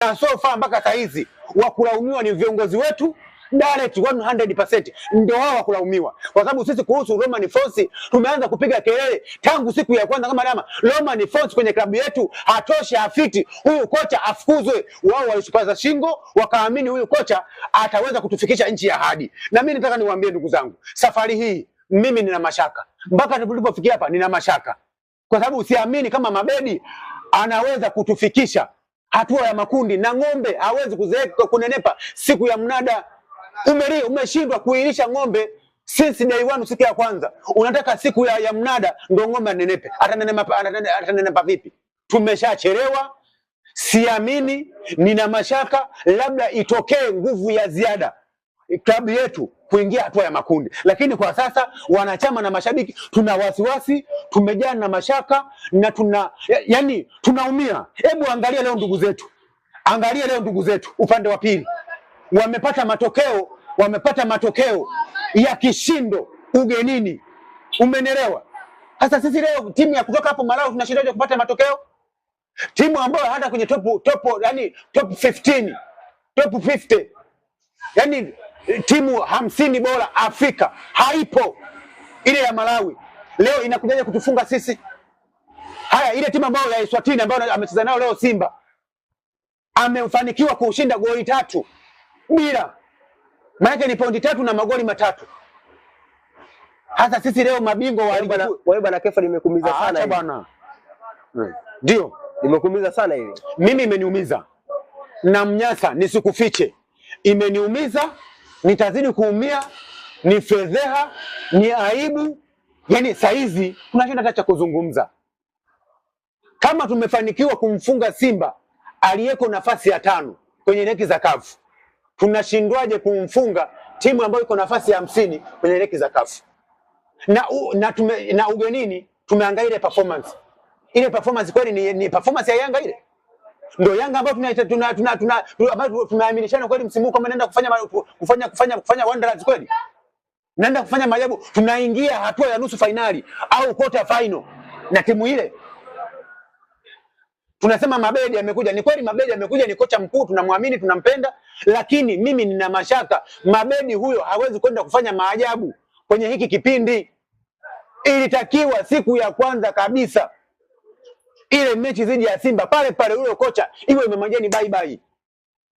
na so far mpaka saa hizi wakulaumiwa ni viongozi wetu direct 100% ndio wao wakulaumiwa, kwa sababu sisi kuhusu Romain Folz tumeanza kupiga kelele tangu siku ya kwanza, kama dama Romain Folz kwenye klabu yetu hatoshi, afiti huyu kocha afukuzwe. Wao walishupaza shingo, wakaamini huyu kocha ataweza kutufikisha nchi ya hadi. Na mimi nataka niwaambie ndugu zangu, safari hii mimi nina mashaka, mpaka tulipofikia hapa nina mashaka, kwa sababu usiamini kama Mabedi anaweza kutufikisha hatua ya makundi, na ng'ombe hawezi kuzeeka kunenepa siku ya mnada. Umeri umeshindwa kuilisha ng'ombe since day one, siku ya kwanza, unataka siku ya, ya mnada ndo ng'ombe anenepe. Atanenepa vipi? Tumeshachelewa. Siamini, nina mashaka, labda itokee nguvu ya ziada klabu yetu kuingia hatua ya makundi, lakini kwa sasa wanachama na mashabiki tuna wasiwasi, tumejaa na mashaka na tuna yani, tunaumia. Hebu angalia leo ndugu zetu, angalia leo ndugu zetu upande wa pili wamepata matokeo, wamepata matokeo ya kishindo ugenini, umenelewa? Sasa sisi leo timu ya kutoka hapo Malawi tunashindaje kupata matokeo? Timu ambayo hata kwenye top top, yani top 15 top 50 yani timu hamsini bora Afrika haipo ile ya Malawi. Leo inakujaje kutufunga sisi? Haya, ile timu ambayo ya Eswatini ambayo amecheza nayo leo Simba amefanikiwa kuushinda goli tatu bila, maanake ni pointi tatu na magoli matatu. Hasa sisi leo mabingwa wa ligi. Kefa, nimekuumiza sana bwana. Ndio, nimekuumiza sana hivi. Mimi imeniumiza na mnyasa, nisikufiche, imeniumiza nitazidi kuumia, ni fedheha, ni aibu. Yani saizi tunashinda hata cha kuzungumza. Kama tumefanikiwa kumfunga Simba aliyeko nafasi ya tano kwenye leki za kafu, tunashindwaje kumfunga timu ambayo iko nafasi ya hamsini kwenye leki za kafu? Na, u, na, tume, na ugenini tumeangalia ile performance ile performance kweli ni, ni performance ya Yanga ile ndio Yanga ambayo tuna tuna tuna tuna ambayo tumeaminishana kweli, msimu kama naenda kufanya kufanya kufanya kufanya wonders kweli, naenda kufanya maajabu. Tunaingia hatua ya nusu fainali au quarter final na timu ile. Tunasema Mabedi amekuja, ni kweli, Mabedi amekuja, ni kocha mkuu, tunamwamini, tunampenda, lakini mimi nina mashaka Mabedi huyo hawezi kwenda kufanya maajabu kwenye hiki kipindi. Ilitakiwa siku ya kwanza kabisa ile mechi dhidi ya Simba pale pale, yule kocha iwe imemwambia bye bye,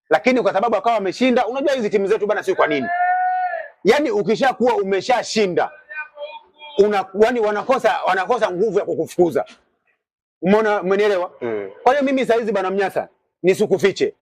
lakini kwa sababu akawa ameshinda. Unajua hizi timu zetu bana, sio kwa nini, yani ukishakuwa umeshashinda una yani, wanakosa wanakosa nguvu ya kukufukuza. Umeona, umenielewa? Mm. Kwa hiyo mimi saa hizi bana Mnyasa nisikufiche,